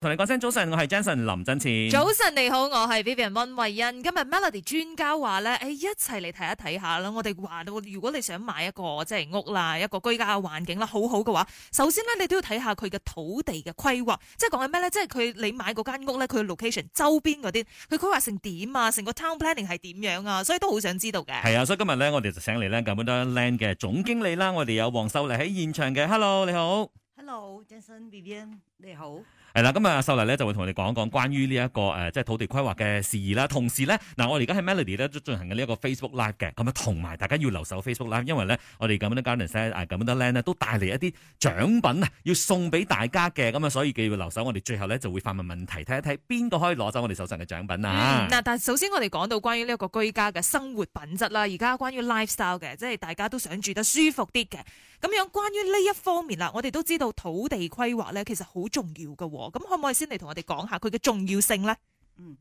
同你講聲早晨，我係 Jensen 林振前。早晨你好，我係 Vivian 溫慧欣。今日 Melody 專家話咧，誒、哎，一齊嚟睇一睇下啦。我哋話到，如果你想買一個即係屋啦，一個居家嘅環境啦，好好嘅話，首先咧你都要睇下佢嘅土地嘅規劃，即係講緊咩咧？即係佢你買嗰間屋咧，佢嘅 location 周邊嗰啲，佢規劃成點啊？成個 town planning 係點樣啊？所以都好想知道嘅。係啊，所以今日咧，我哋就請嚟咧，Gamuda Land 嘅總經理啦。我哋有黃秀麗喺現場嘅。Hello，你好。Hello，Jensen Vivian，你好。係啦，咁啊，秀麗咧就會同我哋講一講關於呢一個誒，即係土地規劃嘅事宜啦。同時咧，嗱我哋而家喺 Melody 咧都進行緊呢一個 Facebook Live 嘅，咁啊，同埋大家要留守 Facebook Live，因為咧我哋咁多家人仔啊，咁多靚咧都帶嚟一啲獎品啊，要送俾大家嘅，咁啊，所以要留守，我哋最後咧就會發問問題，睇一睇邊個可以攞走我哋手上嘅獎品啊。嗱，但首先我哋講到關於呢一個居家嘅生活品質啦，而家關於 lifestyle 嘅，即係大家都想住得舒服啲嘅。咁樣，關於呢一方面啦，我哋都知道土地規劃呢其實好重要㗎。咁可唔可以先嚟同我哋講下佢嘅重要性呢？嗯，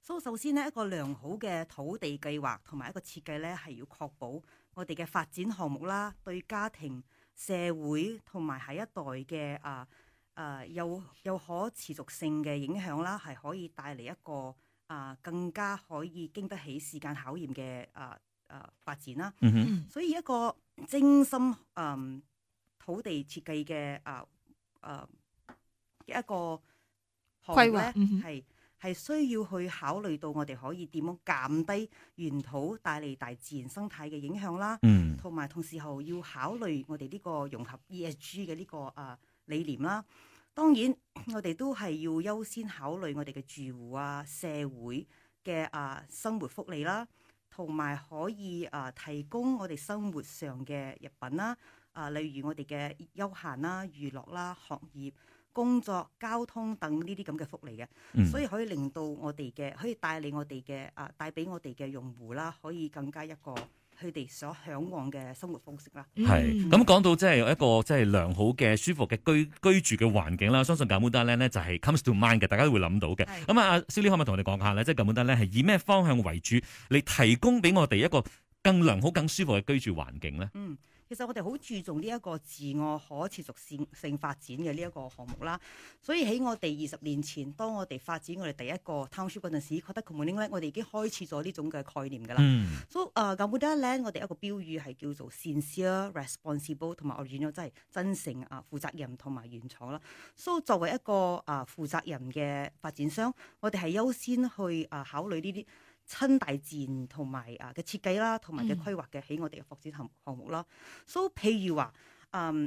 所以首先呢，一個良好嘅土地計劃同埋一個設計呢，係要確保我哋嘅發展項目啦，對家庭、社會同埋下一代嘅啊啊有有可持續性嘅影響啦，係可以帶嚟一個啊、呃、更加可以經得起時間考驗嘅啊。呃誒、呃、發展啦，mm hmm. 所以一個精心誒、嗯、土地設計嘅誒誒一個規劃，係係 需要去考慮到我哋可以點樣減低原土帶嚟大自然生態嘅影響啦，同埋、mm hmm. 同時候要考慮我哋呢個融合 ESG 嘅呢、呢個誒、呃、理念啦。當然我哋都係要優先考慮我哋嘅住戶啊、社會嘅誒、呃、生活福利啦。同埋可以啊，提供我哋生活上嘅物品啦，啊，例如我哋嘅休閒啦、娛樂啦、學業、工作、交通等呢啲咁嘅福利嘅，嗯，所以可以令到我哋嘅，可以帶嚟我哋嘅啊，帶俾我哋嘅用戶啦，啊，可以更加一個。佢哋所向往嘅生活方式啦，係咁講到即係一個即係良好嘅舒服嘅居居住嘅環境啦。相信 Gamuda 咧，就係 comes to mind 嘅，大家都會諗到嘅。咁啊是，阿秀麗可唔可以同我哋講下咧？即係 Gamuda 咧係以咩方向為主嚟，提供俾我哋一個更良好、更舒服嘅居住環境咧？嗯。其實我哋好注重呢一個自我可持續性發展嘅呢一個項目啦，所以喺我哋二十年前，當我哋發展我哋第一個 township 嗰陣時，覺得 Gamuda Land 我哋已經開始咗呢種嘅概念噶啦。嗯。So 啊 Gamuda Land 我哋一個標語係叫做 sincere responsible，同埋我轉咗真係真誠啊、負責任同埋原創啦。So 作為一個啊負責任嘅發展商，我哋係優先去啊考慮呢啲。親大自然同埋啊嘅設計啦，同埋嘅規劃嘅喺我哋嘅發展項項目啦，所以、嗯 so, 譬如話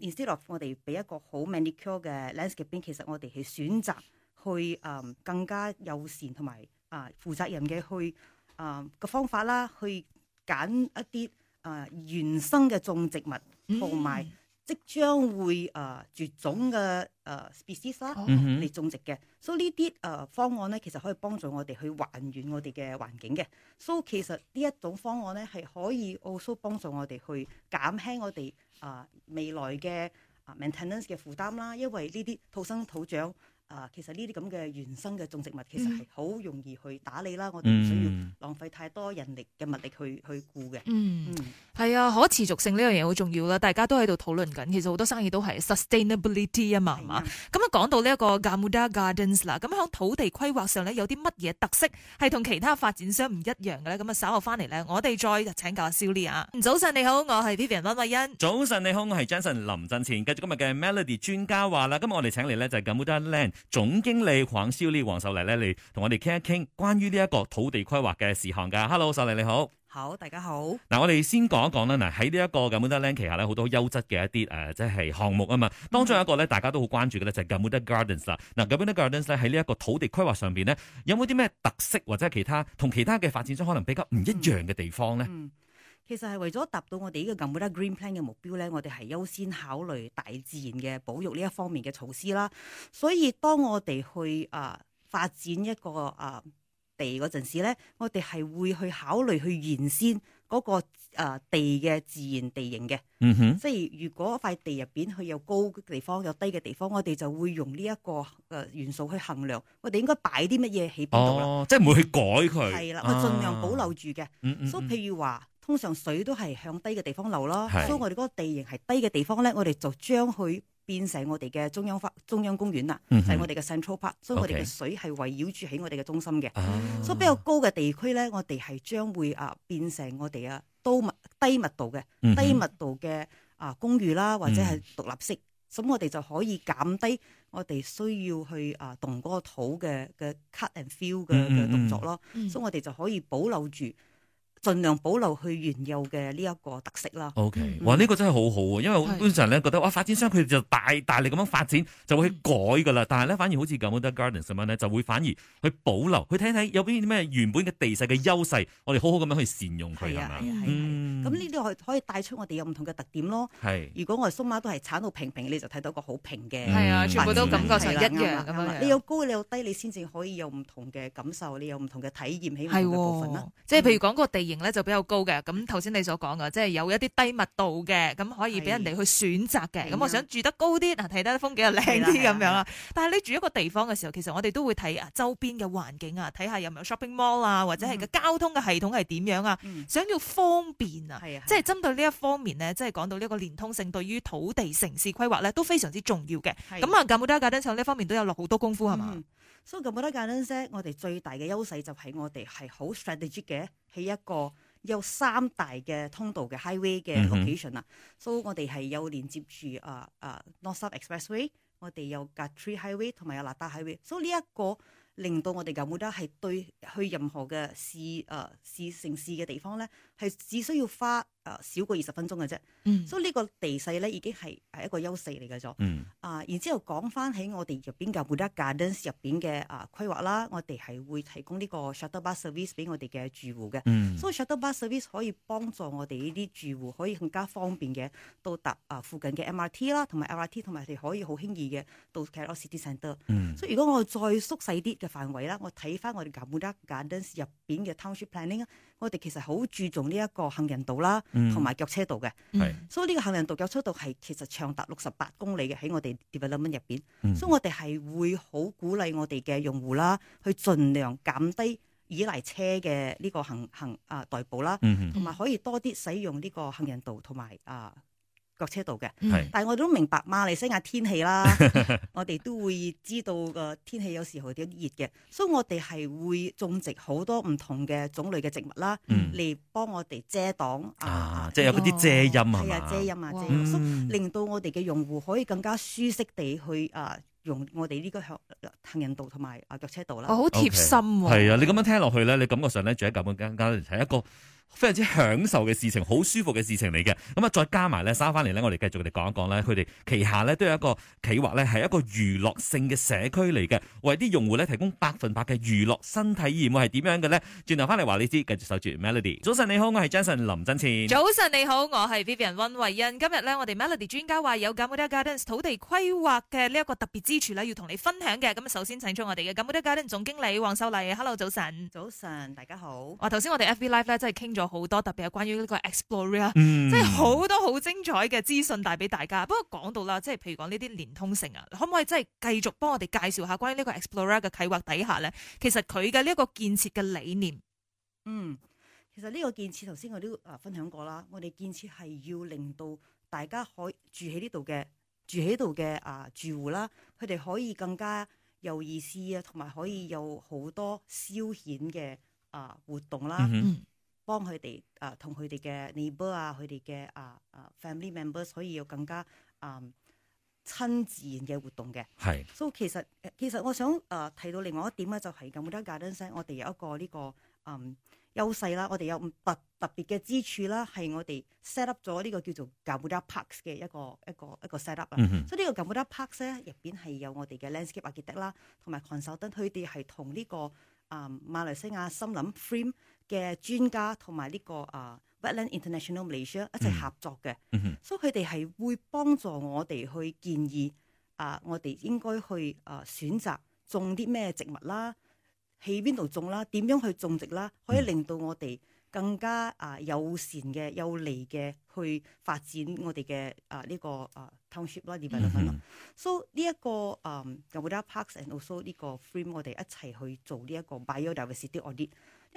instead of 我哋俾一個好 manicure 嘅 landscape 邊，其實我哋係選擇去啊、um, 更加友善同埋啊負責任嘅去啊嘅方法啦，去揀一啲啊原生嘅種植物同埋。即將會誒絕、呃、種嘅誒、呃、species 啦、啊，嚟種植嘅，所以呢啲誒方案咧，其實可以幫助我哋去還原我哋嘅環境嘅，So 其實呢一種方案咧係可以，also 幫助我哋去減輕我哋誒、呃、未來嘅誒、呃、maintenance 嘅負擔啦，因為呢啲土生土長。啊，其實呢啲咁嘅原生嘅種植物其實係好容易去打理啦，我哋唔需要浪費太多人力嘅物力去去顧嘅。嗯，係啊，可持續性呢樣嘢好重要啦，大家都喺度討論緊。其實好多生意都係 sustainability 啊嘛，係嘛？咁啊講到呢一個 Gamuda Gardens 啦，咁響土地規劃上咧有啲乜嘢特色係同其他發展商唔一樣嘅咧？咁啊稍後翻嚟咧，我哋再請教阿 Sonia。早晨你好，我係 Vivian 温慧欣。早晨你好，我係 Johnson 林振前。繼續今日嘅 Melody 專家話啦，今日我哋請嚟咧就係 Gamuda Land。總經理黃少麗，黃秀麗咧嚟同我哋傾一傾關於呢一個土地規劃嘅事項㗎。Hello，秀麗你好，好，大家好。嗱，我哋先講一講啦。嗱，喺呢一個 Gamuda Land 旗下咧，好多優質嘅一啲誒、呃，即係項目啊嘛。當中有一個咧，大家都好關注嘅咧，就係、是、Gamuda Gardens 嗱 Gamuda Gardens 咧喺呢一個土地規劃上邊咧，有冇啲咩特色或者係其他同其他嘅發展商可能比較唔一樣嘅地方咧？嗯嗯其實係為咗達到我哋呢個 Gamuda Green Plan 嘅目標咧，我哋係優先考慮大自然嘅保育呢一方面嘅措施啦。所以當我哋去啊、呃、發展一個啊、呃、地嗰陣時咧，我哋係會去考慮去原先嗰、那個啊、呃、地嘅自然地形嘅。嗯、哼，即係如果塊地入邊佢有高嘅地方，有低嘅地方，我哋就會用呢一個嘅元素去衡量，我哋應該擺啲乜嘢喺邊度啦。即係唔會去改佢，係啦，我盡量保留住嘅。所、啊嗯嗯嗯 so, 譬如話。通常水都係向低嘅地方流咯，所以我哋嗰個地形係低嘅地方咧，我哋就將佢變成我哋嘅中央花中央公園啦，就係我哋嘅 Central Park。所以我哋嘅水係圍繞住喺我哋嘅中心嘅，所以比較高嘅地區咧，我哋係將會啊變成我哋啊高密低密度嘅低密度嘅啊公寓啦，或者係獨立式，咁我哋就可以減低我哋需要去啊動嗰個土嘅嘅 cut and fill 嘅動作咯，所以我哋就可以保留住。盡量保留佢原有嘅呢一個特色啦。OK，哇，呢個真係好好啊！因為我通常咧覺得哇，發展商佢就大大力咁樣發展，就會去改噶啦。但係咧反而好似 Gamuda Gardens 咁樣咧，就會反而去保留。去睇一睇有邊啲咩原本嘅地勢嘅優勢，我哋好好咁樣去善用佢係啊。嗯，咁呢啲可以可以帶出我哋有唔同嘅特點咯。係，如果我哋粟馬都係鏟到平平，你就睇到一個好平嘅係啊，全部都感覺上一樣咁啊。你有高，你有低，你先至可以有唔同嘅感受，你有唔同嘅體驗起碼嘅部分啦。即係譬如講個地形。就比較高嘅，咁頭先你所講嘅，即係有一啲低密度嘅，咁可以俾人哋去選擇嘅。咁的我想住得高啲，嗱睇得風景又靚啲咁樣啦。但係你住一個地方嘅時候，其實我哋都會睇啊周邊嘅環境啊，睇下有唔有 shopping mall 啊，或者係個交通嘅系統係點樣啊，嗯、想要方便啊，即係針對呢一方面咧，即、就、係、係、講到呢個連通性對於土地城市規劃咧都非常之重要嘅。咁啊的，Gamuda Land 呢方面都有落好多功夫係嘛？所以 Gamuda Land，so, 我哋最大嘅優勢就係我哋係好 strategic 嘅，喺一個有三大嘅通道嘅 highway 嘅 location 啊。所以、mm hmm. so, 我哋係有連接住啊啊、uh, uh, North South Expressway，我哋有 Guthrie Highway 同埋有 LATAR Highway。所以呢一個令到我哋 Gamuda 係對去任何嘅市啊、uh, 市城市嘅地方咧，係只需要花。誒、啊、少過二十分鐘嘅啫，所以呢個地勢咧已經係係一個優勢嚟嘅咗。啊，然之後講翻喺我哋入邊嘅 Gamuda Gardens 入邊嘅啊規劃啦，我哋係會提供呢個 shuttle bus service 俾我哋嘅住戶嘅。所以 s,、mm. so、shuttle bus service 可以幫助我哋呢啲住戶可以更加方便嘅到達啊附近嘅 MRT 啦，同埋 LRT，同埋你可以好輕易嘅到 KL City Centre。所以、mm. so、如果我再縮細啲嘅範圍啦，我睇翻我哋 Gamuda Gardens 入邊嘅 Township Planning。我哋其實好注重呢一個行人道啦，同埋腳車道嘅，嗯、所以呢個行人道腳車道係其實長達六十八公里嘅喺我哋 development 入邊，嗯、所以我哋係會好鼓勵我哋嘅用戶啦，去盡量減低依賴車嘅呢個行行啊、呃、代步啦，同埋、嗯、可以多啲使用呢個行人道同埋啊。腳車道嘅，嗯、但係我都明白嘛，馬來西亞天氣啦， 我哋都會知道個天氣有時候有啲熱嘅，所以我哋係會種植好多唔同嘅種類嘅植物啦，嚟幫、嗯、我哋遮擋啊，即係有嗰啲遮陰啊，係啊遮陰啊、哦、嗎遮陰，咁哇令到我哋嘅用戶可以更加舒適地去啊用我哋呢個行人道同埋啊腳車道啦。好貼、哦、心喎、哦，係啊、okay,，你咁樣聽落去咧，你感覺上咧住喺咁嘅間係一個。非常之享受嘅事情，好舒服嘅事情嚟嘅。咁啊，再加埋咧，收翻嚟咧，我哋繼續嚟講一講咧，佢哋旗下咧都有一個企劃咧，係一個娛樂性嘅社區嚟嘅，為啲用戶咧提供百分百嘅娛樂新體驗，係點樣嘅咧？轉頭翻嚟話你知，繼續守住 Melody。早晨你好，我係 Jason 林振前。早晨你好，我係 Vivian 溫慧欣。今日咧，我哋 Melody 專家話有 Gamuda Gardens 土地規劃嘅呢一個特別之處咧，要同你分享嘅。咁啊，首先請出我哋嘅 Gamuda Gardens 總經理黃秀麗。Hello，早晨。早晨，大家好。我頭先我哋 FB Live 咧，真係傾咗好多，特別係關於呢個 explorer，即係好、嗯、多好精彩嘅資訊帶俾大家。不過講到啦，即係譬如講呢啲連通性啊，可唔可以即係繼續幫我哋介紹下關於呢個 explorer 嘅計劃底下咧？其實佢嘅呢一個建設嘅理念，嗯，其實呢個建設頭先我都啊分享過啦。我哋建設係要令到大家可以住喺呢度嘅住喺度嘅啊住戶啦，佢哋可以更加有意思啊，同埋可以有好多消遣嘅啊活動啦。嗯幫佢哋、呃、啊，同佢哋嘅 n e i g h b o r 啊，佢哋嘅啊啊 family members，所以要更加啊、呃、親自然嘅活動嘅。係是，所以、so, 其實其實我想啊、呃、提到另外一點咧，就係 Gamuda Gardens，我哋有一個呢個嗯優勢啦，我哋有特特別嘅支處啦，係我哋 set up 咗呢個叫做 Gamuda Parks 嘅一個一個一個 set up 啦。嗯、哼所以個 Parks 呢個 Gamuda Parks 咧入邊係有我哋嘅 landscape architect 啦，同埋 consultant 佢哋係同呢個啊、嗯、馬來西亞森林 frame。嘅專家同埋呢個啊 uh, Wetland International Malaysia 一齊合作嘅，所以佢哋係會幫助我哋去建議啊，uh, 我哋應該去啊、uh, 選擇種啲咩植物啦，喺邊度種啦，點樣去種植啦，mm hmm. 可以令到我哋更加啊、uh, 友善嘅、有利嘅去發展我哋嘅啊呢個啊、uh, township 啦、獵物都分。Mm hmm.？So 呢、這、一個啊 Gamuda Parks and also 呢個 frame 我哋一齊去做呢一個 biodiversity audit。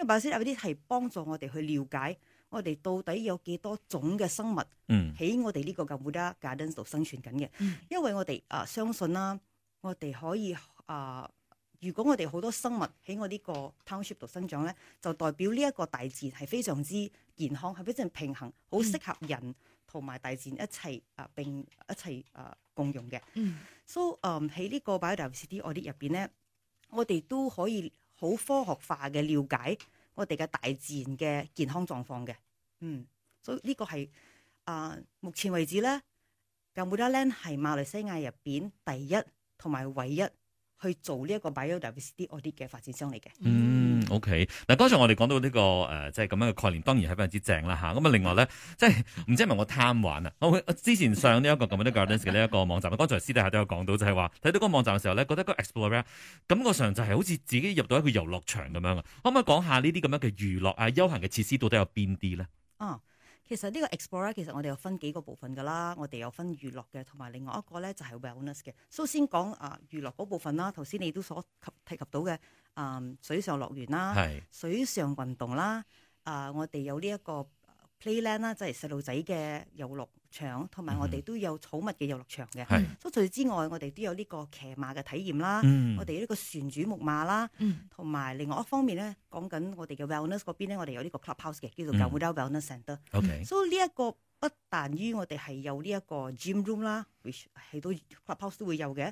biodiversity 嗰啲係幫助我哋去了解我哋到底有幾多種嘅生物喺我哋呢個 Gamuda Gardens 度生存緊嘅，因為我哋啊相信啦，我哋可以啊、呃，如果我哋好多生物喺我呢個 township 度生長咧，就代表呢一個大自然係非常之健康，係非常平衡，好適合人同埋大自然一齊啊並一齊啊共用嘅。嗯、so, 呃，所以啊喺呢個 biodiversity 嗰啲入邊咧，我哋都可以。好科學化嘅了解我哋嘅大自然嘅健康狀況嘅，嗯，所以呢個係啊、呃，目前為止咧 Gamuda Land 係馬來西亞入邊第一同埋唯一去做呢一個 Biodiversity Audit 嘅發展商嚟嘅，嗯。O K，嗱，剛、okay，才我哋講到呢、這個誒、呃，即係咁樣嘅概念，當然係非常之正啦吓。咁啊，另外咧，即係唔知係咪我貪玩啊？我之前上呢一個咁樣嘅 Gamuda Land 嘅呢一個網站，剛 才私底下都有講到就，就係話睇到嗰個網站嘅時候咧，覺得個 explorer 感覺上就係好似自己入到一個遊樂場咁樣啊。可唔可以講下呢啲咁樣嘅娛樂啊、休閒嘅設施到底有邊啲咧？哦、啊，其實呢個 explorer 其實我哋有分幾個部分噶啦，我哋有分娛樂嘅，同埋另外一個咧就係 wellness 嘅。首先講啊娛樂嗰部分啦，頭先你都所及提及到嘅。嗯，水上樂園啦，是水上運動啦，啊、呃，我哋有呢一個 Playland 啦，即係細路仔嘅遊樂場，同埋我哋都有寵物嘅遊樂場嘅。係、嗯，所除此之外，我哋都有呢個騎馬嘅體驗啦。嗯、我哋呢個旋轉木馬啦，同埋、嗯、另外一方面咧，講緊我哋嘅 Wellness 嗰邊咧，我哋有呢個 Clubhouse 嘅，叫做 Gamuda Wellness Centre。OK，所以呢一個不但於我哋係有呢一個 Gym Room 啦、嗯、係到 Clubhouse 都會有嘅。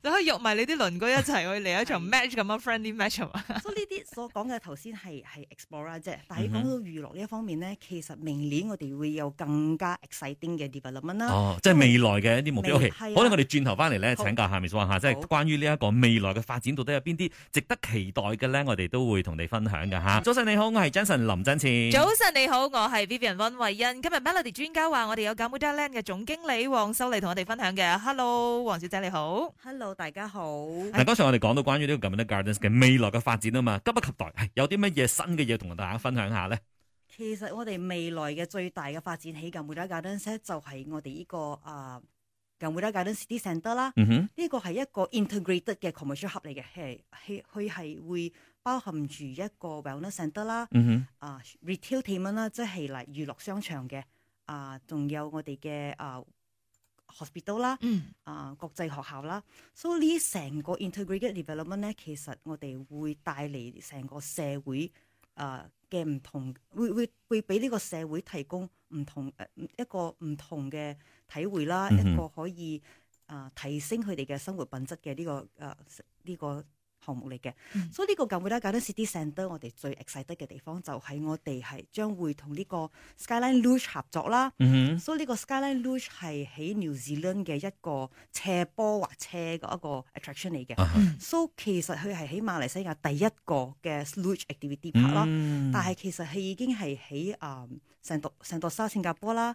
你可以約埋你啲鄰居一齊去嚟一場 match 咁樣 friendly match 啊！所以呢啲所講嘅頭先係係 explore 啫。但係講到娛樂呢一方面咧，其實明年我哋會有更加 exciting 嘅 development 啦。哦，即係未來嘅一啲目標。OK，可能我哋轉頭翻嚟咧，請教下 Miss Wang 嚇，即係關於呢一個未來嘅發展，到底有邊啲值得期待嘅咧？我哋都會同你分享嘅嚇。早晨你好，我係 Jensen 林振前。早晨你好，我係 Vivian 温慧欣。今日 Melody 專家話我哋有 Gamuda Land 嘅總經理黃秀麗同我哋分享嘅。Hello，黃小姐你好。Hello。大家好。嗱，剛才我哋講到關於呢個 Gamuda Gardens 嘅未來嘅發展啊嘛，急不及待，哎、有啲乜嘢新嘅嘢同大家分享下咧？其實我哋未來嘅最大嘅發展喺 Gamuda Gardens 就係我哋呢、這個啊 Ga、uh, Gamuda Gardens City Centre 啦。呢個係一個 integrated 嘅 commercial hub 嚟嘅，係佢係會包含住一個 wellness centre 啦、嗯哼。啊、uh, retail team 啦，即係嚟娛樂商場嘅。啊，仲有我哋嘅啊。Uh, hospital 啦、呃，啊國際學校啦，所以呢成個 integrated development 咧，其實我哋會帶嚟成個社會啊嘅唔同，會會會俾呢個社會提供唔同、呃、一個唔同嘅體會啦，一個可以啊、呃、提升佢哋嘅生活品質嘅呢個誒呢個。呃這個項目嚟嘅，所以呢個舊會咧，舊敦 City Centre 我哋最 excite 得嘅地方就喺我哋係將會同呢個 Skyline Luge 合作啦。所以呢個 Skyline Luge 係喺 New Zealand 嘅一個斜坡滑車嘅一個 attraction 嚟嘅。所以、uh huh. so, 其實佢係喺馬來西亞第一個嘅 Luge Activity Park 啦，mm hmm. 但係其實係已經係喺誒成度成度沙新加坡啦。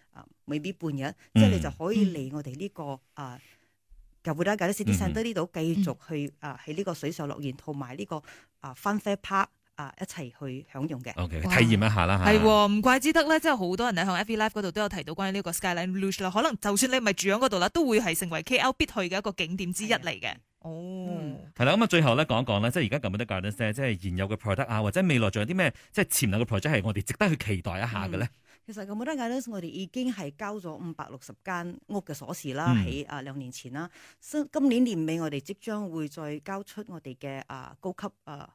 呃、未必半日，即係你就可以嚟我哋呢、這個啊，Gamuda Gardens 山多呢度繼續去啊喺呢個水上樂園、這個啊、同埋呢個啊 Funfair Park 啊一齊去享用嘅。OK，體驗一下啦。係唔哇對怪之得咧，即係好多人喺 Every Life 嗰度都有提到關於呢個 Skyline Lush 啦。可能就算你咪住喺嗰度啦，都會係成為 KL 必去嘅一個景點之一嚟嘅。哦，係啦、嗯，咁啊，最後咧講一講咧，即係而家 Gamuda Gardens，即係現有嘅 project 啊，或者未來仲有啲咩即係潛能嘅 project 係我哋值得去期待一下嘅咧。嗯。其實冇得解啦，我哋已經係交咗五百六十間屋嘅鎖匙啦，喺啊兩年前啦，今年年尾我哋即將會再交出我哋嘅啊高級啊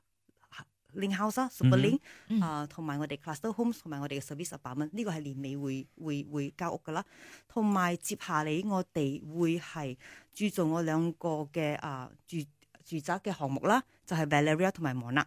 link、uh, house 啦 superlink 啊，同埋我哋 cluster homes 同埋我哋嘅 service 十八蚊，呢個係年尾會會會交屋噶啦，同埋接下嚟我哋會係注重我兩個嘅啊、uh, 住住宅嘅項目啦，就係、是、Valeria 同埋 Monarch。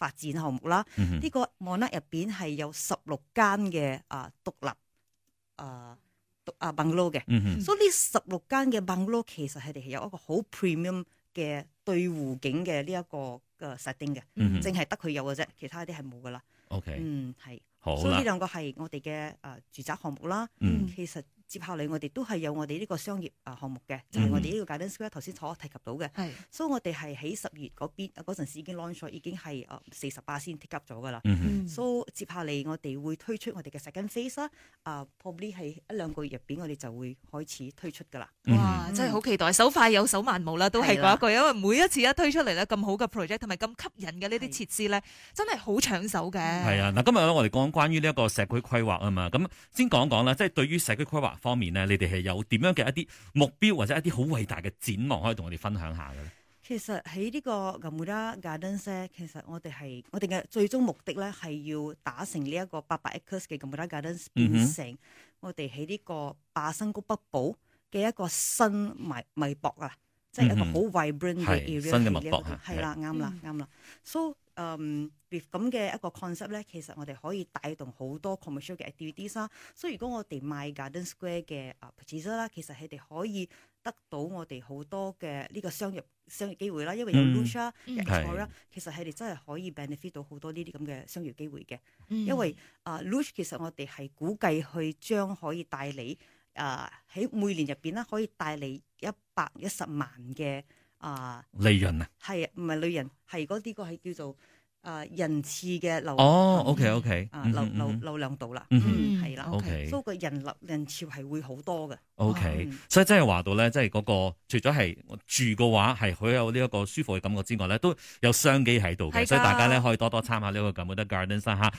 發展項目啦，呢、嗯、哼個網咧入邊係有十六間嘅啊獨立誒獨啊 bungalow 嘅，所以呢十六間嘅 bungalow 其實佢哋係有一個好 premium 嘅對湖景嘅呢一個嘅 setting 嘅，淨係得佢有嘅啫，其他啲係冇噶啦。O K，嗯係，好啦，所以呢兩個係我哋嘅誒住宅項目啦，嗯、哼其實。接下嚟我哋都係有我哋呢個商業啊項目嘅，就係我哋呢個 Garden Square 頭先所提及到嘅。係，所以我哋係喺十月嗰邊嗰陣時已經 launch 已經係啊四十八巴仙先 take up 咗㗎啦。嗯哼，所以接下嚟我哋會推出我哋嘅 second phase 啊，啊 probably 係一兩個月入邊我哋就會開始推出㗎啦。哇，真係好期待，手快有手慢無啦，都係嗰一句，因為每一次一推出嚟咧咁好嘅 project 同埋咁吸引嘅呢啲設施咧，真係好搶手嘅。係啊，嗱今日咧我哋講關於呢一個社區規劃啊嘛，咁先講一講咧，即係對於社區規劃。方面咧，你哋係有點樣嘅一啲目標或者一啲好偉大嘅展望，可以同我哋分享下嘅咧？其實喺呢個 g o n d a g a r d e n 咧，其實我哋係我哋嘅最終目的咧，係要打成呢一個八百 X 嘅 g o n d a Gardens 成我哋喺呢個霸新谷北部嘅一個新微微薄啊，mm hmm. 即係一個好 vibrant 嘅新嘅微博。係啦、這個，啱啦的，啱啦，so。嗯，咁嘅一個 concept 咧，其實我哋可以帶動好多 commercial 嘅 DVD 啦。所以如果我哋賣 Garden Square 嘅啊 package 啦，其實佢哋可以得到我哋好多嘅呢個商業商業機會啦。因為有 Lush 啦，其實佢哋真係可以 benefit 到好多呢啲咁嘅商業機會嘅。因為啊 Lush 其實我哋係估計去將可以帶你啊喺每年入邊啦，可以帶你一百一十萬嘅。呃、啊，利潤啊，係唔係利潤？係嗰呢個係叫做啊人次嘅流哦，OK OK，流流流量到啦，係啦、嗯、哼，OK，所以個人流、人潮係會好多㗎，所以真係、就是那個、話到咧，即係嗰個除咗係住嘅話係好有呢一個舒服嘅感覺之外咧，都有商機喺度嘅，的所以大家咧可以多多參考呢個咁嘅 The Garden 山哈。